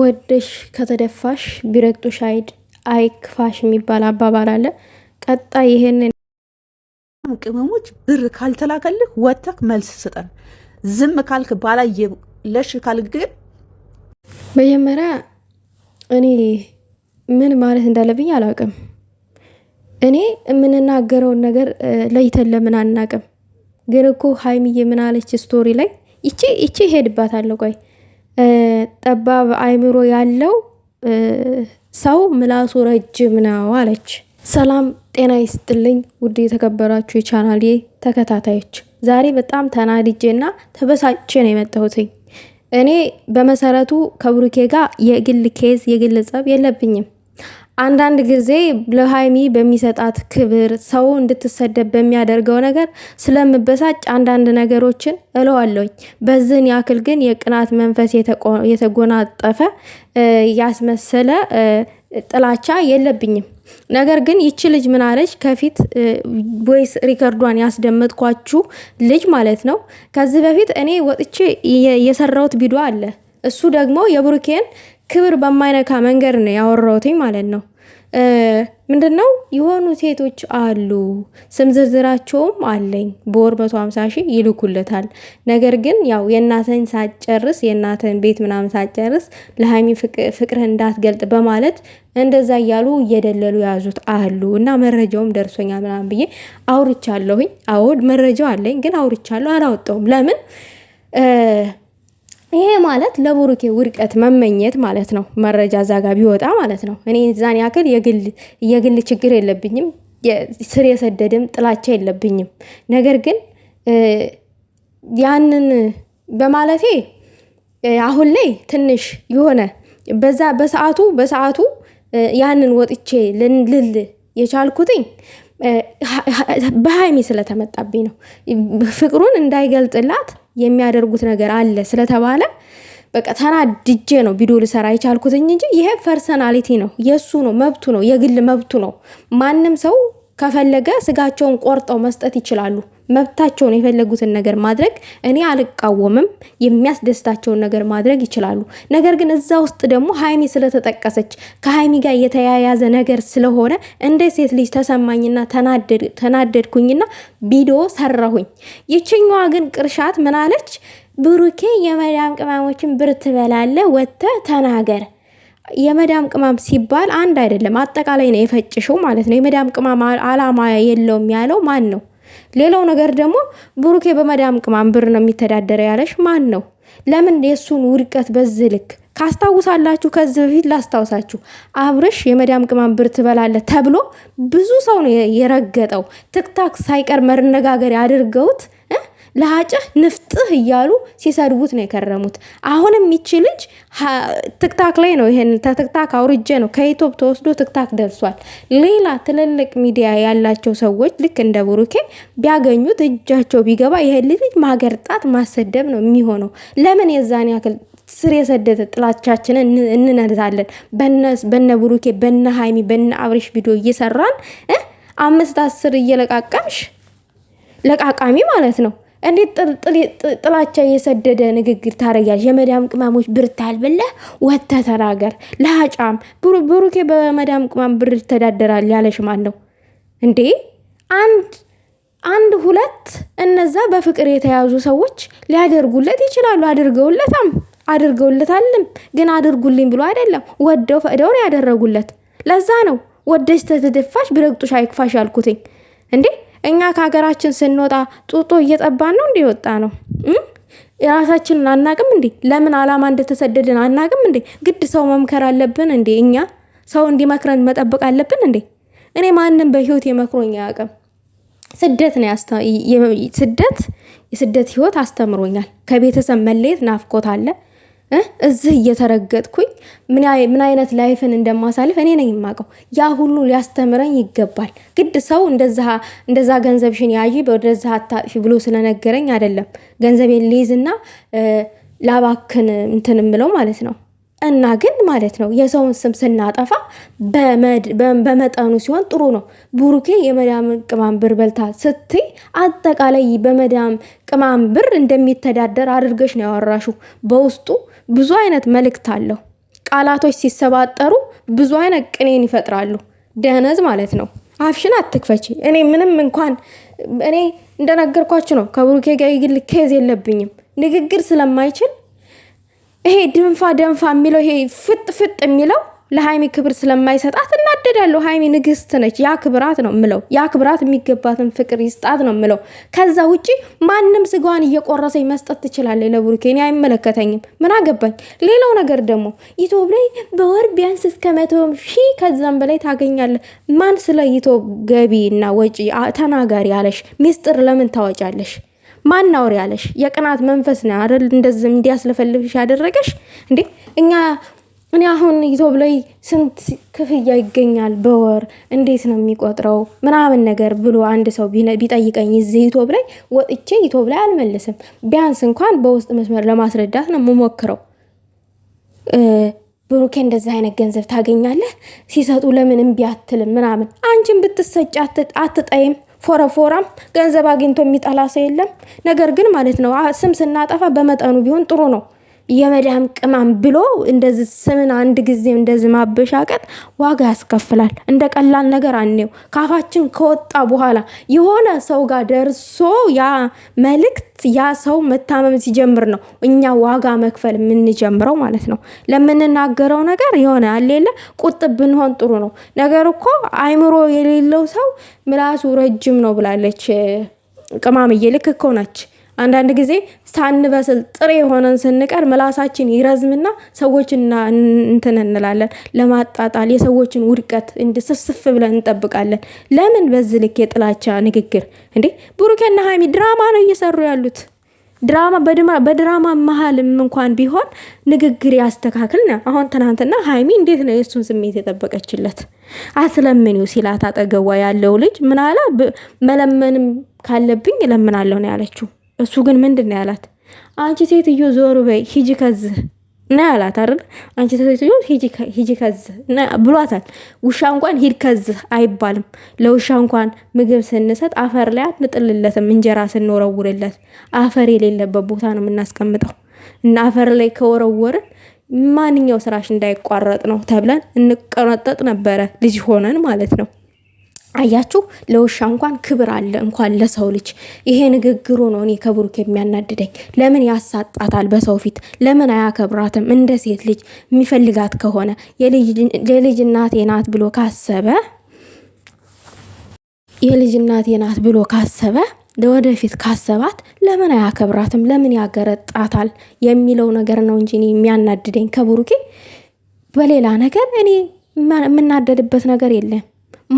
ወደሽ ከተደፋሽ ቢረግጡሽ አይድ አይክፋሽ የሚባል አባባል አለ። ቀጣይ ይሄንን ቅመሞች ብር ካልተላከልህ ወተክ መልስ ስጠን፣ ዝም ካልክ ባላየ ለሽ ካልክ መጀመሪያ እኔ ምን ማለት እንዳለብኝ አላውቅም። እኔ የምንናገረውን ነገር ለይተን ለምን አናውቅም? ግን እኮ ሀይሚዬ ምናለች ስቶሪ ላይ ይቺ ይቺ ሄድባታለሁ ቆይ ጠባብ አእምሮ ያለው ሰው ምላሱ ረጅም ነው አለች። ሰላም ጤና ይስጥልኝ ውድ የተከበራችሁ የቻናሌ ተከታታዮች፣ ዛሬ በጣም ተናድጄና ተበሳጭቼ ነው የመጣሁትኝ። እኔ በመሰረቱ ከብሩኬ ጋር የግል ኬዝ የግል ጸብ የለብኝም አንዳንድ ጊዜ ለሀይሚ በሚሰጣት ክብር ሰው እንድትሰደብ በሚያደርገው ነገር ስለምበሳጭ አንዳንድ ነገሮችን እለዋለሁኝ። በዚህን ያክል ግን የቅናት መንፈስ የተጎናጠፈ ያስመሰለ ጥላቻ የለብኝም። ነገር ግን ይቺ ልጅ ምን አለች? ከፊት ቮይስ ሪከርዷን ያስደመጥኳችሁ ልጅ ማለት ነው። ከዚህ በፊት እኔ ወጥቼ የሰራሁት ቪዲዮ አለ እሱ ደግሞ የብሩኬን ክብር በማይነካ መንገድ ነው ያወራሁትኝ ማለት ነው። ምንድን ነው የሆኑ ሴቶች አሉ፣ ስም ዝርዝራቸውም አለኝ። በወር መቶ ሀምሳ ሺህ ይልኩለታል። ነገር ግን ያው የእናተን ሳጨርስ የእናተን ቤት ምናምን ሳጨርስ ለሀይሚ ፍቅርህ እንዳትገልጥ በማለት እንደዛ እያሉ እየደለሉ የያዙት አሉ እና መረጃውም ደርሶኛል ምናምን ብዬ አውርቻለሁኝ። አዎ መረጃው አለኝ፣ ግን አውርቻለሁ፣ አላወጣውም ለምን ይሄ ማለት ለቡሩኬ ውድቀት መመኘት ማለት ነው። መረጃ እዛ ጋ ቢወጣ ማለት ነው። እኔ ዛን ያክል የግል ችግር የለብኝም፣ ስር የሰደድም ጥላቻ የለብኝም። ነገር ግን ያንን በማለቴ አሁን ላይ ትንሽ የሆነ በዛ በሰዓቱ በሰዓቱ ያንን ወጥቼ ልል የቻልኩትኝ በሀይሚ ስለተመጣብኝ ነው። ፍቅሩን እንዳይገልጥላት የሚያደርጉት ነገር አለ ስለተባለ በቃ ተናድጄ ነው ቪዲዮ ልሰራ የቻልኩትኝ እንጂ ይሄ ፐርሰናሊቲ ነው፣ የእሱ ነው፣ መብቱ ነው፣ የግል መብቱ ነው። ማንም ሰው ከፈለገ ስጋቸውን ቆርጠው መስጠት ይችላሉ። መብታቸውን የፈለጉትን ነገር ማድረግ እኔ አልቃወምም። የሚያስደስታቸውን ነገር ማድረግ ይችላሉ። ነገር ግን እዛ ውስጥ ደግሞ ሀይሚ ስለተጠቀሰች ከሀይሚ ጋር የተያያዘ ነገር ስለሆነ እንደ ሴት ልጅ ተሰማኝና ተናደድኩኝና ቪዲዮ ሰራሁኝ። ይችኛዋ ግን ቅርሻት ምናለች? ብሩኬ የመዳም ቅመሞችን ብር ትበላለ ወጥተ ተናገር የመዳም ቅመም ሲባል አንድ አይደለም፣ አጠቃላይ ነው የፈጭሽው ማለት ነው። የመዳም ቅመም አላማ የለውም ያለው ማን ነው? ሌላው ነገር ደግሞ ብሩኬ በመዳም ቅመም ብር ነው የሚተዳደረው ያለሽ ማን ነው? ለምን የእሱን ውድቀት በዚህ ልክ ካስታውሳላችሁ ከዚህ በፊት ላስታውሳችሁ፣ አብርሽ የመዳም ቅመም ብር ትበላለ ተብሎ ብዙ ሰው ነው የረገጠው። ትክታክ ሳይቀር መነጋገሪያ አድርገውት ለሀጭህ ንፍጥህ እያሉ ሲሰድቡት ነው የከረሙት። አሁን የሚች ልጅ ትክታክ ላይ ነው ይሄን ተትክታክ አውርጄ ነው ከኢትዮፕ ተወስዶ ትክታክ ደርሷል። ሌላ ትልልቅ ሚዲያ ያላቸው ሰዎች ልክ እንደ ብሩኬ ቢያገኙት እጃቸው ቢገባ ይሄን ልጅ ማገርጣት ማሰደብ ነው የሚሆነው። ለምን የዛን ያክል ስር የሰደደ ጥላቻችንን እንነታለን? በነ ብሩኬ በነ ሀይሚ በነ አብሬሽ ቪዲዮ እየሰራን አምስት አስር እየለቃቀምሽ ለቃቃሚ ማለት ነው። እንዴት ጥላቻ የሰደደ ንግግር ታደርጊያለሽ? የመዳም ቅመሞች ብር ታልበላ ወጥተህ ተናገር። ለሀጫም ብሩኬ በመዳም ቅመም ብር ይተዳደራል ያለሽ ማን ነው እንዴ? አንድ አንድ ሁለት እነዛ በፍቅር የተያዙ ሰዎች ሊያደርጉለት ይችላሉ። አድርገውለታም አድርገውለታልም። ግን አድርጉልኝ ብሎ አይደለም ወደው ፈቅደው ያደረጉለት። ለዛ ነው ወደሽ ተተደፋሽ ቢረግጡሽ አይክፋሽ ያልኩትኝ እንዴ እኛ ከሀገራችን ስንወጣ ጡጦ እየጠባን ነው እንዲህ ወጣ ነው? የራሳችንን አናቅም እንዴ? ለምን አላማ እንደተሰደድን አናቅም እንዴ? ግድ ሰው መምከር አለብን እንዴ? እኛ ሰው እንዲመክረን መጠበቅ አለብን እንዴ? እኔ ማንም በህይወት የመክሮኝ አያውቅም። ስደት ነው ስደት የስደት ህይወት አስተምሮኛል። ከቤተሰብ መለየት ናፍቆት አለ። እዚህ እየተረገጥኩኝ ምን አይነት ላይፍን እንደማሳልፍ እኔ ነኝ የማውቀው። ያ ሁሉ ሊያስተምረኝ ይገባል። ግድ ሰው እንደዛ ገንዘብሽን ያዥ ወደዛ አታጥፊ ብሎ ስለነገረኝ አይደለም ገንዘቤን ልይዝና ላባክን እንትን ምለው ማለት ነው። እና ግን ማለት ነው የሰውን ስም ስናጠፋ በመጠኑ ሲሆን ጥሩ ነው። ብሩኬ የመዳም ቅማም ብር በልታ ስትይ አጠቃላይ በመዳም ቅማም ብር እንደሚተዳደር አድርገሽ ነው ያወራሹ። በውስጡ ብዙ አይነት መልእክት አለው። ቃላቶች ሲሰባጠሩ ብዙ አይነት ቅኔን ይፈጥራሉ። ደህነዝ ማለት ነው። አፍሽን አትክፈች። እኔ ምንም እንኳን እኔ እንደነገርኳችሁ ነው ከብሩኬ ጋር የግል ኬዝ የለብኝም። ንግግር ስለማይችል ይሄ ድንፋ ደንፋ የሚለው ይሄ ፍጥ ፍጥ የሚለው ለሃይሚ ክብር ስለማይሰጣት እናደዳለሁ። ሃይሚ ንግስት ነች። ያ ክብራት ነው ምለው። ያ ክብራት የሚገባትን ፍቅር ይስጣት ነው ምለው። ከዛ ውጪ ማንም ስጋዋን እየቆረሰኝ መስጠት ትችላለች ለብሩኬ። እኔ አይመለከተኝም፣ ምን አገባኝ። ሌላው ነገር ደግሞ ዩቲዩብ ላይ በወር ቢያንስ እስከ መቶ ሺህ ከዛም በላይ ታገኛለህ። ማን ስለ ዩቲዩብ ገቢ እና ወጪ ተናጋሪ አለሽ? ሚስጥር ለምን ታወጫለሽ? ማን አውሬ ያለሽ? የቅናት መንፈስ ነው አይደል? እንደዚህ እንዲያስለፈልፍሽ ያደረገሽ እንዴ? እኛ እኔ አሁን ኢትዮብ ላይ ስንት ክፍያ ይገኛል በወር እንዴት ነው የሚቆጥረው ምናምን ነገር ብሎ አንድ ሰው ቢጠይቀኝ እዚህ ኢትዮብ ላይ ወጥቼ ኢትዮብ ላይ አልመልስም። ቢያንስ እንኳን በውስጥ መስመር ለማስረዳት ነው የምሞክረው። ብሩኬ እንደዚህ አይነት ገንዘብ ታገኛለህ ሲሰጡ ለምን እምቢ አትልም? ምናምን አንቺን ብትሰጭ አትጠይም? ፎረፎራም ገንዘብ አግኝቶ የሚጠላ ሰው የለም። ነገር ግን ማለት ነው ስም ስናጠፋ በመጠኑ ቢሆን ጥሩ ነው። የመዳም ቅማም ብሎ እንደዚህ ስምን አንድ ጊዜ እንደዚህ ማበሻቀጥ ዋጋ ያስከፍላል። እንደ ቀላል ነገር አኔው ካፋችን ከወጣ በኋላ የሆነ ሰው ጋር ደርሶ ያ መልእክት ያ ሰው መታመም ሲጀምር ነው እኛ ዋጋ መክፈል የምንጀምረው ማለት ነው። ለምንናገረው ነገር የሆነ አሌለ ቁጥብ ብንሆን ጥሩ ነው። ነገር እኮ አይምሮ የሌለው ሰው ምላሱ ረጅም ነው ብላለች ቅማምዬ። ልክ እኮ ነች። አንዳንድ ጊዜ ሳንበስል ጥሬ የሆነን ስንቀር ምላሳችን ይረዝምና ሰዎችን እንትን እንላለን። ለማጣጣል የሰዎችን ውድቀት እንድስፍስፍ ብለን እንጠብቃለን። ለምን በዚህ ልክ የጥላቻ ንግግር እንዴ? ብሩኬና ሀይሚ ድራማ ነው እየሰሩ ያሉት። ድራማ በድራማ መሀልም እንኳን ቢሆን ንግግር ያስተካክልና። አሁን ትናንትና ሀይሚ እንዴት ነው የእሱን ስሜት የጠበቀችለት? አትለምኒው ሲላት አጠገቧ ያለው ልጅ ምናላ መለመንም ካለብኝ እለምናለሁ ነው ያለችው። እሱ ግን ምንድን ነው ያላት? አንቺ ሴትዮ ዞር በይ ሂጂ ከዝህ ና ያላት አይደል? አንቺ ሴትዮ ሂጂ ከዝህ ብሏታል። ውሻ እንኳን ሂድ ከዝህ አይባልም። ለውሻ እንኳን ምግብ ስንሰጥ አፈር ላይ አንጥልለትም፣ እንጀራ ስንወረውርለት አፈር የሌለበት ቦታ ነው የምናስቀምጠው እና አፈር ላይ ከወረወርን ማንኛው ስራሽ እንዳይቋረጥ ነው ተብለን እንቀነጠጥ ነበረ ልጅ ሆነን ማለት ነው። አያችሁ ለውሻ እንኳን ክብር አለ፣ እንኳን ለሰው ልጅ። ይሄ ንግግሩ ነው እኔ ከብሩክ የሚያናድደኝ። ለምን ያሳጣታል? በሰው ፊት ለምን አያከብራትም? እንደ ሴት ልጅ የሚፈልጋት ከሆነ የልጅ እናቴ ናት ብሎ ካሰበ የልጅ እናቴ ናት ብሎ ካሰበ ለወደፊት ካሰባት ለምን አያከብራትም? ለምን ያገረጣታል? የሚለው ነገር ነው እንጂ እኔ የሚያናድደኝ ከብሩኬ በሌላ ነገር እኔ የምናደድበት ነገር የለም።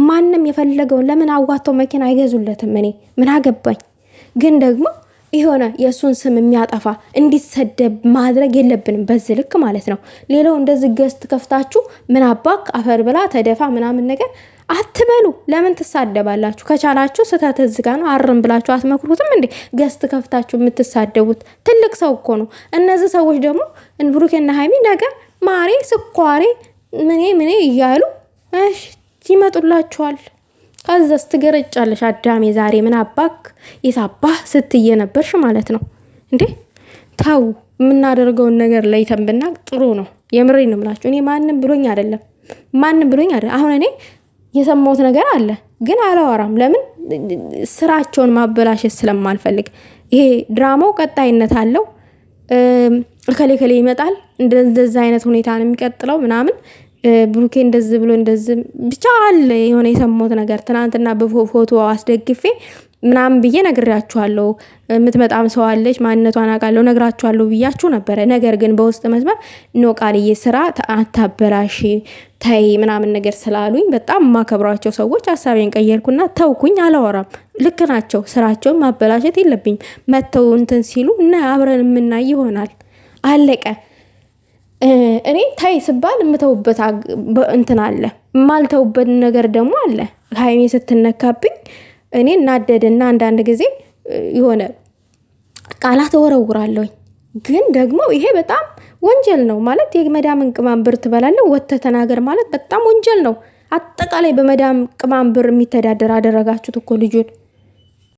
ማንም የፈለገውን ለምን አዋተው መኪና አይገዙለትም? እኔ ምን አገባኝ። ግን ደግሞ የሆነ የእሱን ስም የሚያጠፋ እንዲሰደብ ማድረግ የለብንም በዚህ ልክ ማለት ነው። ሌላው እንደዚህ ገዝት ከፍታችሁ ምን አባክ አፈር ብላ ተደፋ ምናምን ነገር አትበሉ። ለምን ትሳደባላችሁ? ከቻላችሁ ስህተት እዚህ ነው። አርም ብላችሁ አትመክሩትም እንዴ? ገዝት ከፍታችሁ የምትሳደቡት ትልቅ ሰው እኮ ነው። እነዚህ ሰዎች ደግሞ ብሩኬና ሀይሚ ነገር ማሬ ስኳሬ ምኔ ምኔ እያሉ ይመጡላችኋል። ከዛ ስትገረጫለሽ አዳሜ ዛሬ ምን አባክ የታባህ ስትየ ነበርሽ ማለት ነው እንዴ? ተው፣ የምናደርገውን ነገር ለይተን ብናቅ ጥሩ ነው። የምሬ ነው የምላችሁ። እኔ ማንም ብሎኝ አይደለም፣ ማንም ብሎኝ አይደለም። አሁን እኔ የሰማሁት ነገር አለ፣ ግን አላወራም። ለምን ስራቸውን ማበላሸት ስለማልፈልግ። ይሄ ድራማው ቀጣይነት አለው። እከሌ ከሌ ይመጣል፣ እንደዛ አይነት ሁኔታ ነው የሚቀጥለው ምናምን ብሩኬ እንደዚህ ብሎ እንደዚህ ብቻ አለ የሆነ የሰሞት ነገር ትናንትና በፎቶ አስደግፌ ምናምን ብዬ ነግሬያችኋለሁ። የምትመጣም ሰው አለች፣ ማንነቷን አውቃለሁ፣ ነግራችኋለሁ ብያችሁ ነበረ። ነገር ግን በውስጥ መስመር ኖ ቃልዬ ስራ አታበላሽ ተይ ምናምን ነገር ስላሉኝ በጣም የማከብሯቸው ሰዎች ሀሳቤን ቀየርኩና ተውኩኝ፣ አላወራም። ልክ ናቸው። ስራቸውን ማበላሸት የለብኝም። መተው እንትን ሲሉ እና አብረን የምናይ ይሆናል። አለቀ። እኔ ታይ ስባል የምተውበት እንትን አለ፣ የማልተውበት ነገር ደግሞ አለ። ሀይሜ ስትነካብኝ እኔ እናደድና አንዳንድ ጊዜ የሆነ ቃላት እወረውራለሁኝ። ግን ደግሞ ይሄ በጣም ወንጀል ነው ማለት የመዳምን ቅማም ብር ትበላለህ ወጥተህ ተናገር ማለት በጣም ወንጀል ነው። አጠቃላይ በመዳም ቅማም ብር የሚተዳደር አደረጋችሁት እኮ ልጁን።